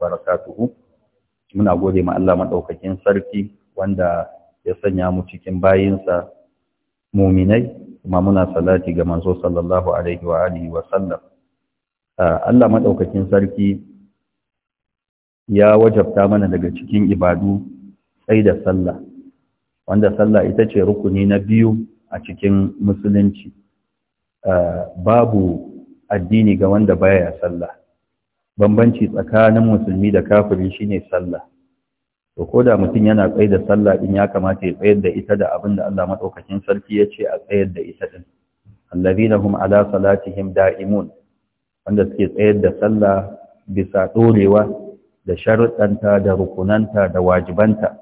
barakatuhu muna gode ma Allah madaukakin sarki wanda ya sanya mu cikin bayinsa muminai kuma muna salati ga manzo sallallahu alaihi wa alihi wa sallam Allah madaukakin sarki ya wajabta mana daga cikin ibadu sai da sallah wanda sallah ita ce rukuni na biyu a cikin musulunci babu addini ga wanda baya sallah bambanci tsakanin musulmi da kafiri shine sallah to ko da mutum yana tsaye da sallah din ya kamata ya tsayar da ita da abin da Allah madaukakin sarki ya ce a tsayar da ita din allazina kuma ala salatihim da'imun wanda suke tsayar da sallah bisa dorewa da sharuɗanta da rukunanta da wajibanta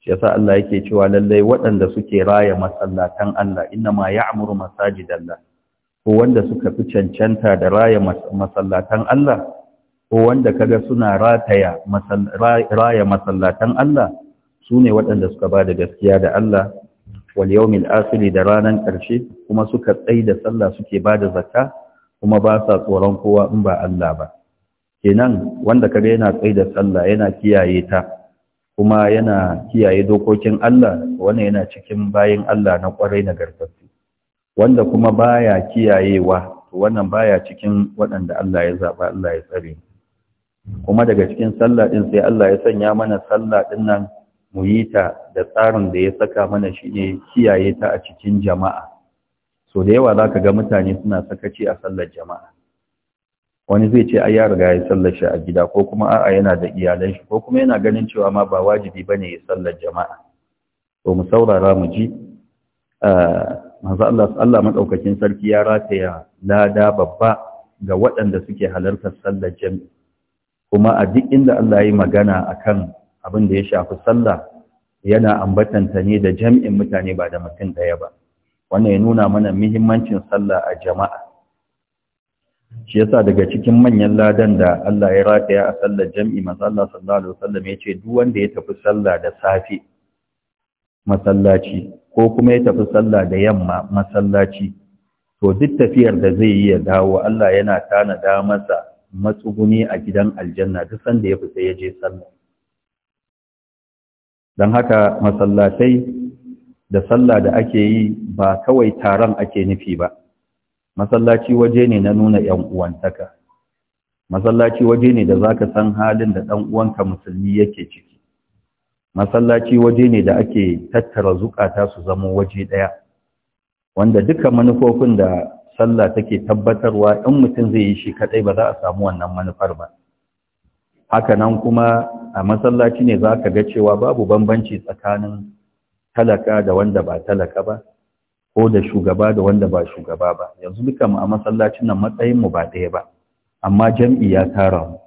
shi yasa Allah yake cewa lallai waɗanda suke raya masallatan Allah inna ma ya'muru masajidallah ko wanda suka fi cancanta da raya masallatan Allah ko wanda kaga suna rataya raya masallatan Allah su ne waɗanda suka ba da gaskiya da Allah wal yawmil asiri da ranar ƙarshe kuma suka tsai da sallah suke ba da zakka kuma ba sa tsoron kowa in ba Allah ba kenan wanda kaga yana tsai da sallah yana kiyaye ta kuma yana kiyaye dokokin Allah wannan yana cikin bayin Allah na ƙwarai nagartattu wanda kuma baya kiyayewa wannan baya cikin waɗanda Allah ya zaɓa Allah ya tsare kuma daga cikin sallah din sai Allah ya sanya mana sallah din nan mu yi ta da tsarin da ya saka mana shine kiyaye ta a cikin jama'a so da yawa zaka ga mutane suna sakaci a sallar jama'a wani zai ce ai ya riga ya sallar shi a gida ko kuma a'a yana da iyalan shi ko kuma yana ganin cewa ma ba wajibi bane ya sallar jama'a to mu saurara mu ji eh, manzo Allah Allah madaukakin sarki ya rataya lada babba ga waɗanda suke halartar sallar jami'a kuma a duk inda Allah ya yi magana a kan abin da ya shafi sallah yana ambatanta ne da jam'in mutane ba da mutum ɗaya ba wannan ya nuna mana muhimmancin sallah a jama'a shi yasa daga cikin manyan ladan da Allah ya rataya a sallar jam'i manzo ya ce duk wanda ya tafi sallah da safe masallaci ko kuma ya tafi sallah da yamma masallaci to duk tafiyar da zai yi ya dawo Allah yana tanada masa matsuguni a gidan aljanna duk sanda ya fita ya je sallah don haka masallatai da sallah da ake yi ba kawai taron ake nufi ba masallaci waje ne na nuna ‘yan uwantaka masallaci waje ne da zaka san halin da ɗan uwanka musulmi yake ciki masallaci waje ne da ake tattara zukata su zama waje ɗaya wanda duka manufofin da sallah take tabbatarwa in mutum zai yi shi kadai ba za a samu wannan manufar ba haka nan kuma a masallaci ne za ka ga cewa babu bambanci tsakanin talaka da wanda ba talaka ba ko da shugaba da wanda ba shugaba ba yanzu duka mu a masallacin nan matsayin mu ba ɗaya ba amma jam'i ya tara mu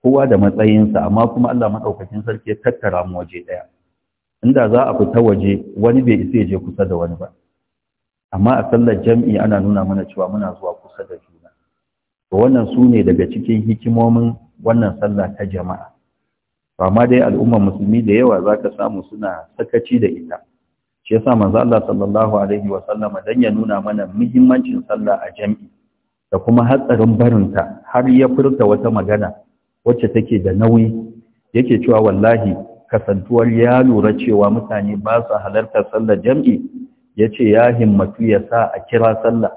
kowa da matsayinsa amma kuma Allah madaukakin sarki ya tattara mu waje ɗaya inda za a fita waje wani bai isa ya je kusa da wani ba amma a sallar jam'i ana nuna mana cewa muna zuwa kusa da juna to wannan su ne daga cikin hikimomin wannan sallah ta jama'a amma dai al'ummar musulmi da yawa za ka samu suna sakaci da ita shi yasa manzo Allah sallallahu alaihi wa sallama dan ya nuna mana muhimmancin sallah a jam'i da kuma hatsarin barin ta har ya furta wata magana wacce take da nauyi yake cewa wallahi kasantuwar ya lura cewa mutane ba su halartar sallar jam'i ya ce ya himmatu ya sa a kira sallah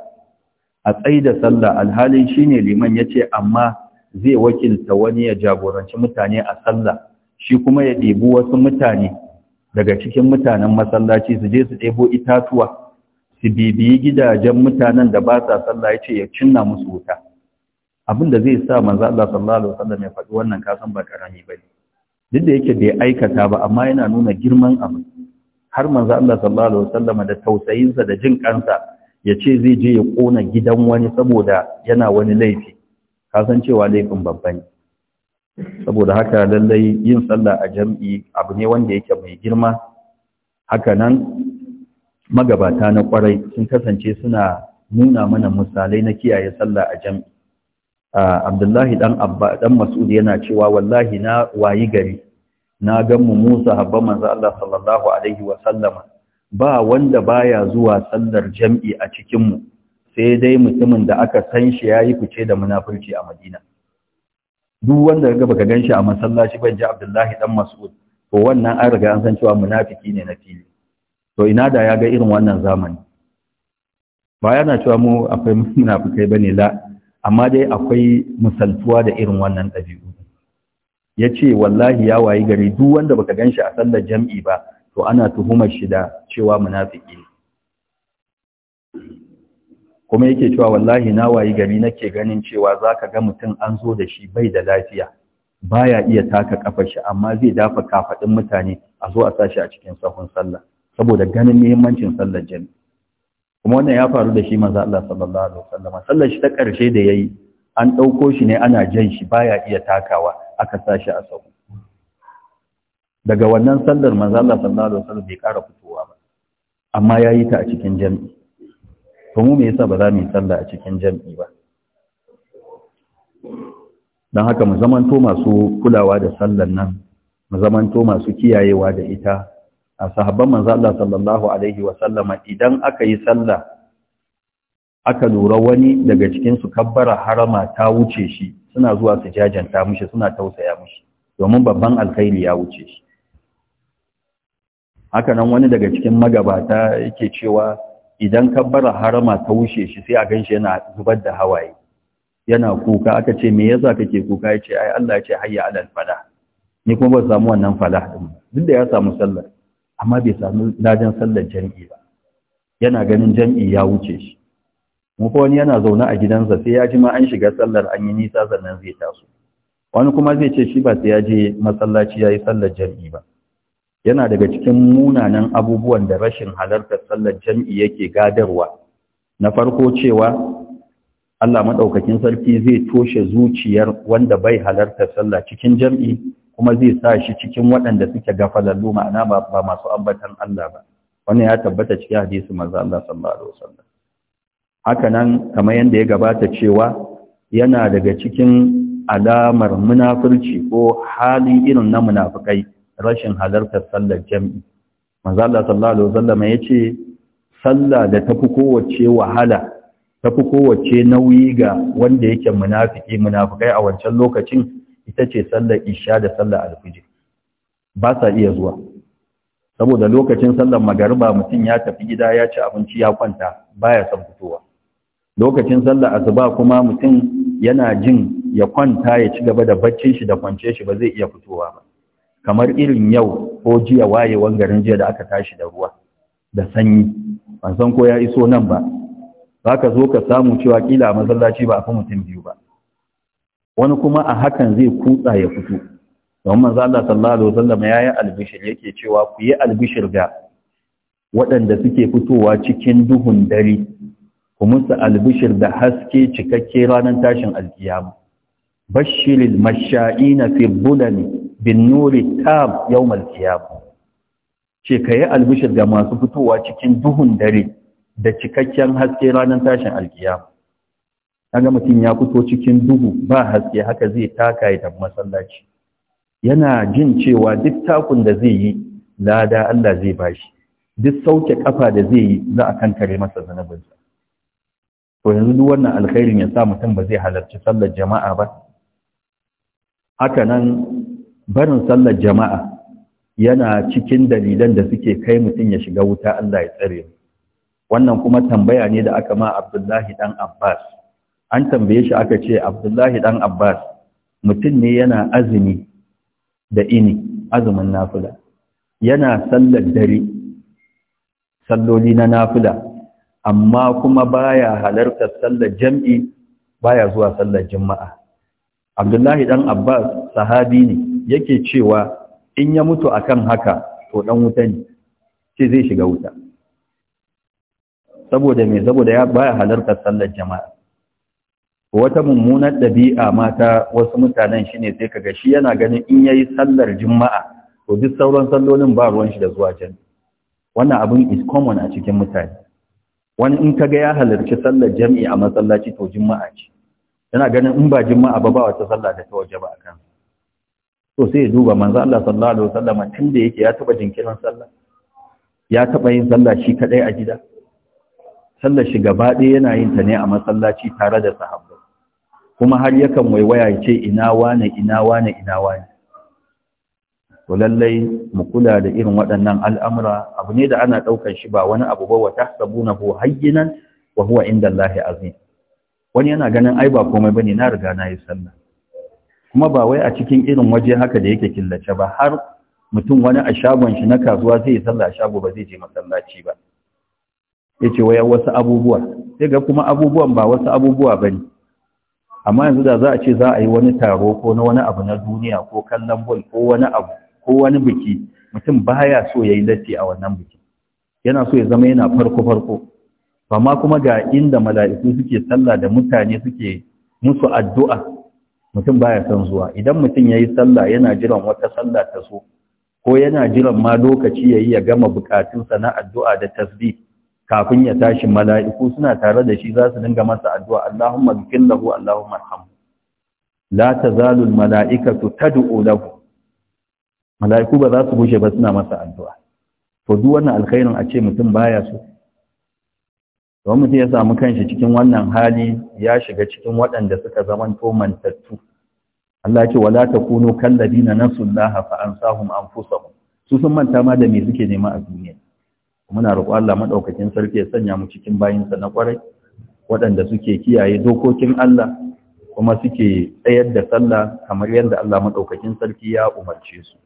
a da sallah alhalin shi ne liman ya ce amma zai wakilta wani ya jagoranci mutane a sallah shi kuma ya ɗebi wasu mutane daga cikin mutanen masallaci su je su ɗebo itatuwa su bibiyi gidajen mutanen da ba sa sallah ya ce ya cinna musu wuta abin da zai sa manzo Allah sallallahu alaihi wasallam ya faɗi wannan kasan ba karami bane duk da yake bai aikata ba amma yana nuna girman abin har manzo Allah sallallahu alaihi wasallam da tausayinsa da jin kansa ya ce zai je ya kona gidan wani saboda yana wani laifi ka san cewa laifin babba ne saboda haka lallai yin sallah a jam'i abu ne wanda yake mai girma haka nan magabata na kwarai sun kasance suna nuna mana misalai na kiyaye sallah a jam'i ah, Abdullahi dan Abba dan Mas'ud yana cewa wallahi na wayi gari na gan mu Musa habban manzo Allah sallallahu alaihi wa sallama ba wanda baya zuwa sallar jam'i a cikin mu sai dai mutumin da aka san shi yayi fice da munafurci a Madina duk wanda ga baka ganshi a masallaci ban ji Abdullahi dan Mas'ud to wannan an riga an san cewa munafiki ne na fili to ina da ya ga irin wannan zamani ba yana cewa mu akwai munafikai bane la amma dai akwai musaltuwa da irin wannan ɗabi'u ya ce wallahi ya wayi gari duk wanda baka gan shi a sallar jam'i ba to ana tuhumar shi da cewa munafiki kuma yake cewa wallahi na wayi gari nake ganin cewa zaka ga mutum an zo da shi bai da lafiya baya iya taka kafar shi amma zai dafa kafadin mutane a zo a sashi a cikin sahun sallah saboda ganin muhimmancin sallar jami kuma wannan ya faru da shi manzo Allah sallallahu alaihi wasallam sallar shi ta karshe da yayi an dauko shi ne ana jan shi baya iya takawa aka sashi a sahu daga wannan sallar manzo Allah sallallahu alaihi wasallam bai ƙara fitowa ba amma yayi ta a cikin jami'i to mu me yasa ba za mu yi sallah a cikin jami'i ba dan haka mu zamanto masu kulawa da sallar nan mu zamanto masu kiyayewa da ita a sahabban manzo Allah sallallahu alaihi sallama, idan aka yi sallah aka lura wani daga cikin su kabbara harama ta wuce shi suna zuwa su jajanta mushi suna tausaya mushi domin babban alkhairi ya wuce shi haka nan wani daga cikin magabata yake cewa idan ka bara harama ta wuce shi sai a ganshi yana zubar da hawaye yana kuka aka ce me yasa kake kuka yace ai Allah ce hayya alal falah ni kuma ba samu wannan falah din duk da ya samu sallar amma bai samu ladan sallar jami'i ba yana ganin jami'i ya wuce shi mu wani yana zaune a gidansa sai ya ji ma an shiga sallar an yi nisa sannan zai taso wani kuma zai ce shi ba sai ya je masallaci ya yi sallar jam'i ba yana daga cikin munanan abubuwan da rashin halartar sallar jam'i yake gadarwa na farko cewa Allah maɗaukakin sarki zai toshe zuciyar wanda bai halartar sallah cikin jam'i kuma zai sa shi cikin waɗanda suke gafalallu ma'ana ba masu ambatan Allah ba wannan ya tabbata cikin hadisi manzo Allah sallallahu alaihi wasallam haka nan kamar yadda ya gabata cewa yana daga cikin alamar munafurci ko hali irin na munafukai rashin halartar sallar jami'i manzala sallallahu alaihi wasallam ce, sallah da tafi kowace wahala tafi kowace nauyi ga wanda yake munafiki munafukai a wancan lokacin ita ce sallar isha da sallar alfijir ba sa iya zuwa saboda lokacin sallar magariba mutum ya tafi gida ya ci abinci ya kwanta baya son fitowa lokacin sallar asuba kuma mutum yana jin ya kwanta ya ci gaba da baccin shi da kwance shi ba zai iya fitowa ba kamar irin yau ko jiya wayewan garin jiya da aka tashi da ruwa da sanyi ban san ko ya iso nan ba za ka zo ka samu cewa kila masallaci ba a fi mutum biyu ba wani kuma a hakan zai kutsa ya fito don manzo Allah sallallahu alaihi wasallam ya yi albishir yake cewa ku yi albishir ga waɗanda suke fitowa cikin duhun dare ku musu albishir da haske cikakke ranar tashin alkiyama bashiril masha'ina fi bulani bin nuri tab yawmal qiyama ce kai albishir ga masu fitowa cikin duhun dare da cikakken haske ranar tashin alkiyama kaga mutum ya fito cikin duhu ba haske haka zai taka ya tafi masallaci yana jin cewa duk takun da zai yi lada Allah zai bashi duk sauke kafa da zai yi za a kankare masa zanubinsa to yanzu wannan alkhairin ya sa mutum ba zai halarci sallar jama'a ba haka nan barin sallar jama'a yana cikin dalilan da suke kai mutum ya shiga wuta Allah ya tsare wannan kuma tambaya ne da aka ma Abdullahi dan Abbas an tambaye shi aka ce Abdullahi dan Abbas mutum ne yana azumi da ini azumin nafila yana sallar dare salloli na nafila amma kuma baya halartar sallar jam'i baya zuwa sallar juma'a abdullahi dan abbas sahabi ne yake cewa in ya mutu akan haka to dan wuta ne ce zai shiga wuta saboda me saboda ya baya halartar sallar jama'a wata mummunar ɗabi'a mata wasu mutanen shine sai kaga shi yana ganin in ya yi sallar juma'a to duk sauran sallolin ba ruwan shi da zuwa can wannan abin is common a cikin mutane wani in kaga ya halarci sallar jami'i a masallaci to juma'a ce yana ganin in ba juma'a ba ba wata sallah da ta waje ba a kan to sai ya duba manzo Allah sallallahu alaihi wasallam tun da yake ya taba jinkirin sallah ya taba yin sallah shi kadai a gida sallar shi gaba ɗaya yana yin ta ne a masallaci tare da sahabbai kuma har yakan waiwaya ya ce ina wane ina wane ina wane to lallai mu kula da irin waɗannan al'amura abu ne da ana ɗaukar shi ba wani abu ba wa tahsabunahu hayyinan wa huwa inda Allahi azim wani yana ganin ai ba komai ne na riga na yi sallah kuma ba wai a cikin irin waje haka da yake killace ba har mutum wani a shagon shi na kasuwa zai yi sallah shago ba zai je masallaci ba yace waya wasu abubuwa sai ga kuma abubuwan ba wasu abubuwa bane amma yanzu da za a ce za a yi wani taro ko na wani abu na duniya ko kallon bol ko wani abu ko wani biki mutum baya so yayi latti a wannan biki yana so ya zama yana farko farko amma kuma ga inda mala'iku suke sallah da mutane suke musu addu'a mutum baya son zuwa idan mutum ya yi sallah yana jiran wata sallah ta so ko yana jiran ma lokaci yayi ya gama bukatunsa na addu'a da tasbih kafin ya tashi mala'iku suna tare da shi za su dinga masa addu'a Allahumma bikin lahu Allahumma alhamu la ta zalul mala'ikatu ta lahu mala'iku ba za su gushe ba suna masa addu'a to duk wannan alkhairin a ce mutum baya so don mutum ya samu kanshi cikin wannan hali ya shiga cikin waɗanda suka zaman to mantattu Allah ce wala takunu nasu nasullaha fa ansahum anfusahum su sun manta ma da me suke nema a duniya muna roƙo Allah madaukakin sarki ya sanya mu cikin bayinsa na ƙwarai waɗanda suke kiyaye dokokin Allah kuma suke tsayar da sallah kamar yadda Allah madaukakin sarki ya umarce su